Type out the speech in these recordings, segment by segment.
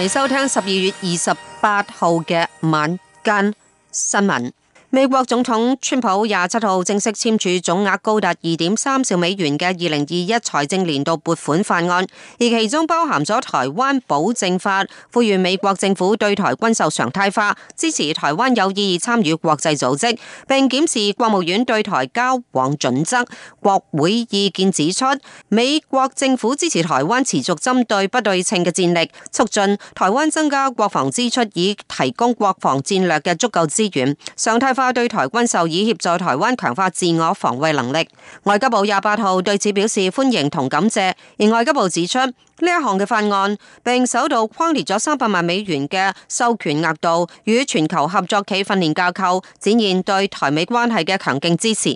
歡迎收聽十二月二十八號嘅晚間新聞。美國總統川普廿七號正式簽署總額高達二點三兆美元嘅二零二一財政年度撥款法案，而其中包含咗台灣保證法，呼籲美國政府對台軍售常態化，支持台灣有意義參與國際組織，並檢視國務院對台交往準則。國會意見指出，美國政府支持台灣持續針對不對稱嘅戰力，促進台灣增加國防支出，以提供國防戰略嘅足夠資源。常態化。花對台軍售以協助台灣強化自我防衛能力，外交部廿八號對此表示歡迎同感謝。而外交部指出呢一項嘅法案並首度框列咗三百萬美元嘅授權額度，與全球合作暨訓練架構，展現對台美關係嘅強勁支持。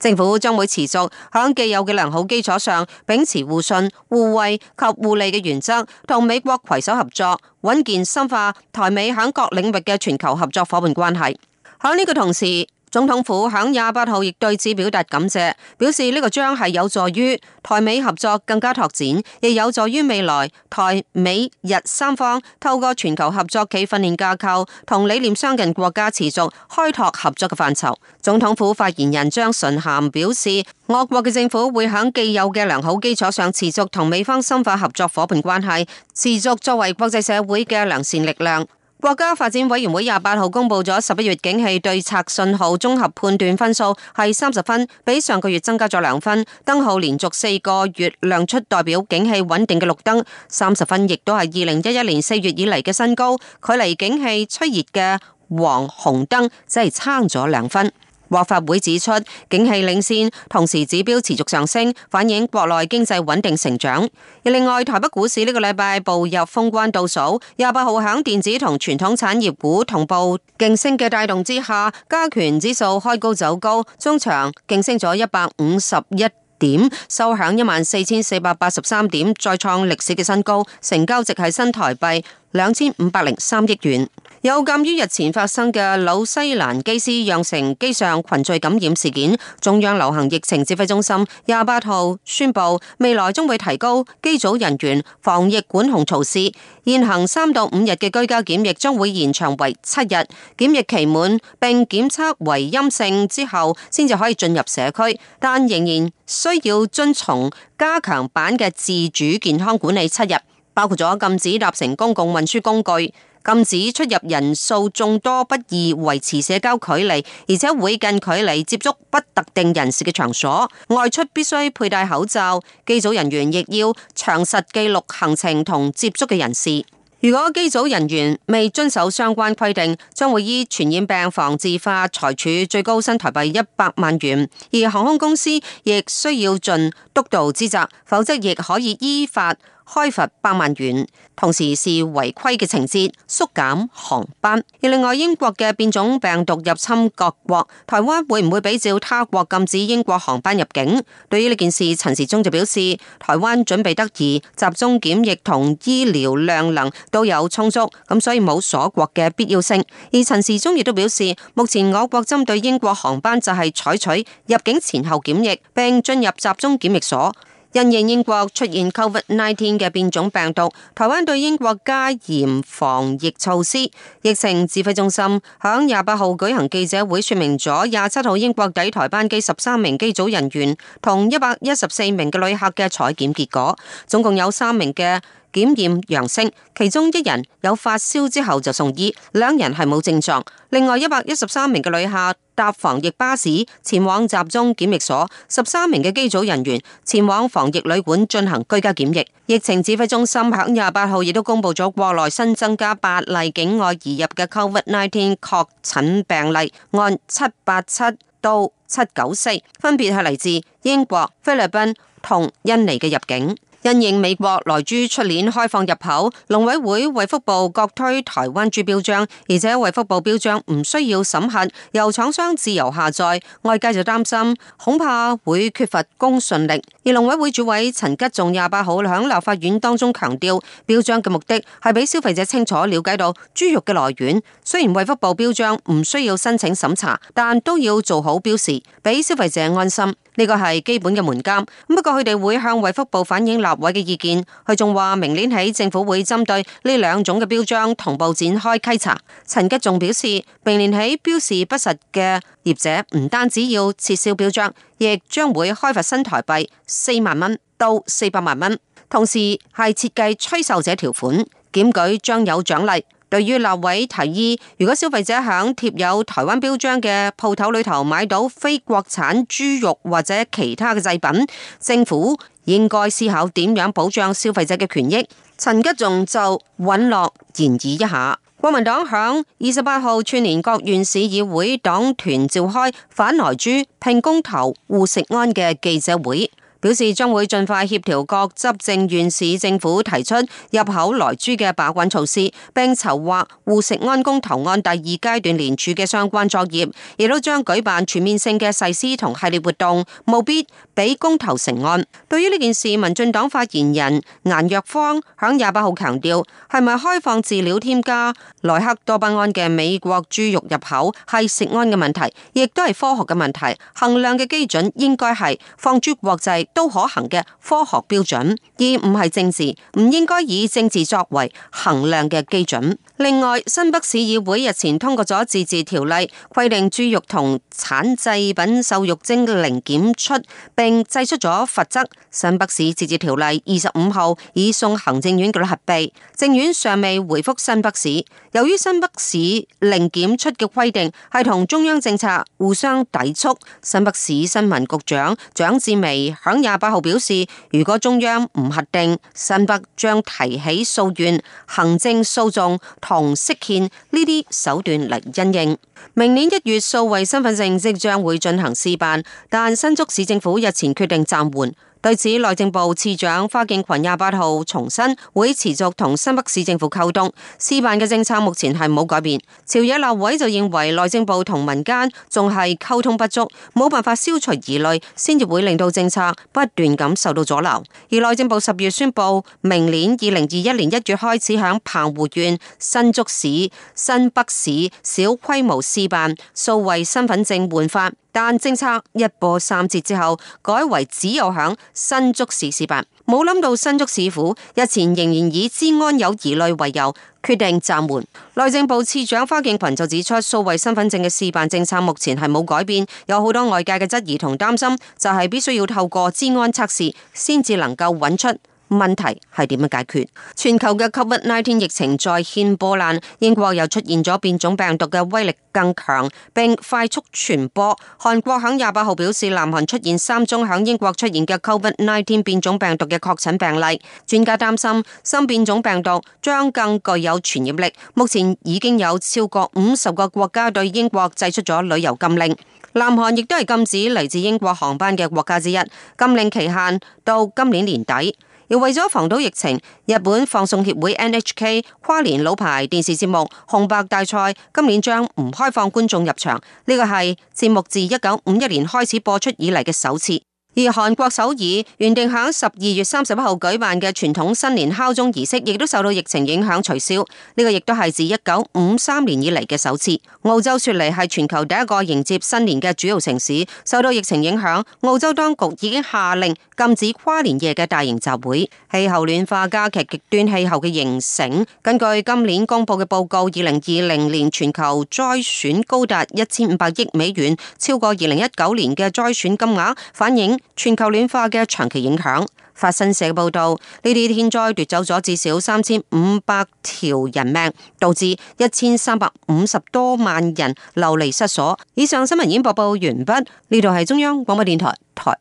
政府將會持續喺既有嘅良好基礎上，秉持互信、互惠及互利嘅原則，同美國攜手合作，穩健深化台美喺各領域嘅全球合作伙伴關係。喺呢個同時，總統府喺廿八號亦對此表達感謝，表示呢個將係有助於台美合作更加拓展，亦有助於未來台美日三方透過全球合作暨訓練架構同理念相近國家持續開拓合作嘅範疇。總統府發言人張純涵表示，我國嘅政府會喺既有嘅良好基礎上，持續同美方深化合作伙伴關係，持續作為國際社會嘅良善力量。國家發展委員會廿八號公布咗十一月景氣對策信號綜合判斷分數係三十分，比上個月增加咗兩分。燈號連續四個月亮出代表景氣穩定嘅綠燈，三十分亦都係二零一一年四月以嚟嘅新高，距離景氣趨熱嘅黃紅燈只係差咗兩分。獲發會指出，景氣領先，同時指標持續上升，反映國內經濟穩定成長。而另外，台北股市呢個禮拜步入封關倒數，廿八號響電子同傳統產業股同步勁升嘅帶動之下，加權指數開高走高，中場勁升咗一百五十一點，收響一萬四千四百八十三點，再創歷史嘅新高，成交值係新台幣兩千五百零三億元。有鑒於日前發生嘅紐西蘭機師釀成機上群聚感染事件，中央流行疫情指揮中心廿八號宣布，未來將會提高機組人員防疫管控措施。現行三到五日嘅居家檢疫將會延長為七日，檢疫期滿並檢測為陰性之後，先至可以進入社區，但仍然需要遵從加強版嘅自主健康管理七日，包括咗禁止搭乘公共運輸工具。禁止出入人數眾多、不易維持社交距離，而且會近距離接觸不特定人士嘅場所。外出必須佩戴口罩。機組人員亦要詳實記錄行程同接觸嘅人士。如果機組人員未遵守相關規定，將會依傳染病防治法裁處最高新台幣一百萬元。而航空公司亦需要盡督導之責，否則亦可以依法開罰百萬元，同時是違規嘅情節，縮減航班。而另外英國嘅變種病毒入侵各國，台灣會唔會比照他國禁止英國航班入境？對於呢件事，陳時中就表示，台灣準備得宜，集中檢疫同醫療量能都有充足，咁所以冇鎖國嘅必要性。而陳時中亦都表示，目前我國針對英國航班就係採取入境前後檢疫，並進入集中檢疫所。因應英國出現 COVID-19 嘅變種病毒，台灣對英國加嚴防疫措施。疫情指揮中心喺廿八號舉行記者會，說明咗廿七號英國抵台班機十三名機組人員同一百一十四名嘅旅客嘅採檢結果，總共有三名嘅檢驗陽性，其中一人有發燒之後就送醫，兩人係冇症狀。另外一百一十三名嘅旅客搭防疫巴士前往集中檢疫所，十三名嘅機組人員前往防疫旅館進行居家檢疫。疫情指揮中心喺廿八號亦都公布咗國內新增加八例境外移入嘅 c o v i d n n i e e t e n 確診病例，按七八七到七九四，94，分別係嚟自英國、菲律賓同印尼嘅入境。因應美國萊豬出年開放入口，農委會衛福部各推台灣豬標章，而且衛福部標章唔需要審核，由廠商自由下載。外界就擔心，恐怕會缺乏公信力。而農委會主委陳吉仲廿八號喺立法院當中強調，標章嘅目的係俾消費者清楚了解到豬肉嘅來源。雖然衛福部標章唔需要申請審查，但都要做好標示，俾消費者安心。呢個係基本嘅門檻，不過佢哋會向衛福部反映立委嘅意見。佢仲話明年起政府會針對呢兩種嘅標章同步展開稽查。陳吉仲表示，明年起標示不實嘅業者唔單止要撤銷標章，亦將會開罰新台幣四萬蚊到四百萬蚊，同時係設計吹哨者條款，檢舉將有獎勵。對於立委提議，如果消費者喺貼有台灣標章嘅鋪頭裏頭買到非國產豬肉或者其他嘅製品，政府應該思考點樣保障消費者嘅權益。陳吉仲就允諾研議一下。國民黨響二十八號串連各縣市議會黨團召開反萊豬、拼公投、護食安嘅記者會。表示將會盡快協調各執政縣市政府提出入口萊豬嘅把關措施，並籌劃護食安公投案第二階段聯署嘅相關作業，亦都將舉辦全面性嘅誓師同系列活動，務必俾公投成案。對於呢件事，民進黨發言人顏若芳響廿八號強調：係咪開放飼料添加萊克多巴胺嘅美國豬肉入口係食安嘅問題，亦都係科學嘅問題，衡量嘅基準應該係放諸國際。都可行嘅科學標準，而唔係政治，唔應該以政治作為衡量嘅基準。另外，新北市議會日前通過咗自治條例，規定豬肉同產製品瘦肉精嘅零檢出，並制出咗罰則。新北市自治條例二十五號已送行政院嘅核備，政院尚未回覆新北市。由於新北市零檢出嘅規定係同中央政策互相抵觸，新北市新聞局長蔣志薇響廿八號表示，如果中央唔核定，新北將提起訴願、行政訴訟。同釋憲呢啲手段嚟因應。明年一月數位身分證即將會進行試辦，但新竹市政府日前決定暫緩。對此，內政部次長花敬群廿八號重申會持續同新北市政府溝通，試辦嘅政策目前係冇改變。朝野立委就認為內政部同民間仲係溝通不足，冇辦法消除疑慮，先至會令到政策不斷咁受到阻撓。而內政部十月宣布，明年二零二一年一月開始響澎湖縣、新竹市、新北市小規模試辦數位身份證換發。但政策一波三折之後，改為只有響新竹市試辦，冇諗到新竹市府日前仍然以資安有疑慮為由，決定暫緩。內政部次長花敬群就指出，數位身分證嘅試辦政策目前係冇改變，有好多外界嘅質疑同擔心，就係必須要透過資安測試先至能夠揾出。問題係點樣解決？全球嘅 COVID-19 疫情再掀波瀾，英國又出現咗變種病毒嘅威力更強，並快速傳播。韓國響廿八號表示，南韓出現三宗響英國出現嘅 COVID-19 變種病毒嘅確診病例。專家擔心新變種病毒將更具有傳染力。目前已經有超過五十個國家對英國祭出咗旅遊禁令，南韓亦都係禁止嚟自英國航班嘅國家之一。禁令期限到今年年底。又為咗防堵疫情，日本放送協會 NHK 跨年老牌電視節目紅白大賽今年將唔開放觀眾入場，呢個係節目自一九五一年開始播出以來嘅首次。而韓國首爾原定喺十二月三十一號舉辦嘅傳統新年敲鐘儀式，亦都受到疫情影響取消。呢個亦都係自一九五三年以嚟嘅首次。澳洲雪梨係全球第一個迎接新年嘅主要城市，受到疫情影響，澳洲當局已經下令禁止跨年夜嘅大型集會。氣候暖化加劇極端氣候嘅形成，根據今年公佈嘅報告，二零二零年全球災損高達一千五百億美元，超過二零一九年嘅災損金額，反映全球暖化嘅長期影響。法新社報道，呢啲天災奪走咗至少三千五百條人命，導致一千三百五十多萬人流離失所。以上新聞已經播報完畢。呢度係中央廣播電台台。